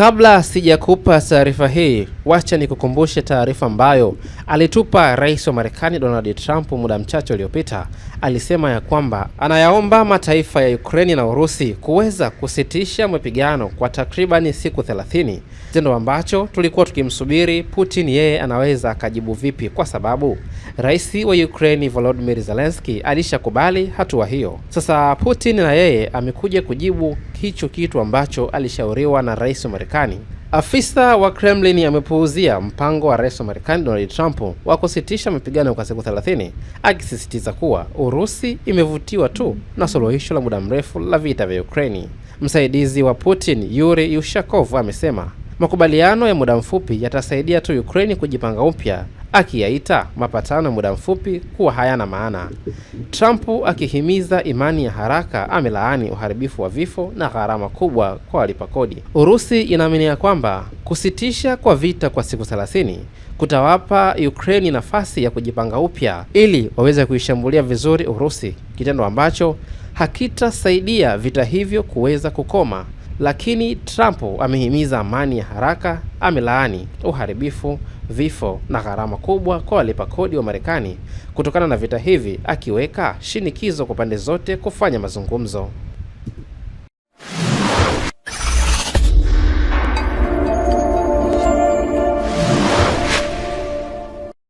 Kabla sijakupa taarifa hii, wacha nikukumbushe taarifa ambayo alitupa rais wa Marekani Donald Trump muda mchache uliopita. Alisema ya kwamba anayaomba mataifa ya Ukraini na Urusi kuweza kusitisha mapigano kwa takribani siku 30, kitendo ambacho tulikuwa tukimsubiri Putin yeye anaweza akajibu vipi, kwa sababu rais wa Ukraini Volodymyr Zelensky alishakubali hatua hiyo. Sasa Putin na yeye amekuja kujibu hicho kitu ambacho alishauriwa na rais wa Marekani. Afisa wa Kremlin amepuuzia mpango wa rais wa Marekani Donald Trump wa kusitisha mapigano kwa siku 30, akisisitiza kuwa Urusi imevutiwa tu na suluhisho la muda mrefu la vita vya Ukraini. Msaidizi wa Putin Yuri Yushakov amesema makubaliano ya muda mfupi yatasaidia tu Ukraini kujipanga upya akiyaita mapatano muda mfupi kuwa hayana maana. Trump akihimiza imani ya haraka, amelaani uharibifu wa vifo na gharama kubwa kwa walipa kodi. Urusi inaaminia kwamba kusitisha kwa vita kwa siku 30 kutawapa Ukraine nafasi ya kujipanga upya ili waweze kuishambulia vizuri Urusi, kitendo ambacho hakitasaidia vita hivyo kuweza kukoma. Lakini Trump amehimiza amani ya haraka, amelaani uharibifu vifo na gharama kubwa kwa walipa kodi wa Marekani kutokana na vita hivi, akiweka shinikizo kwa pande zote kufanya mazungumzo.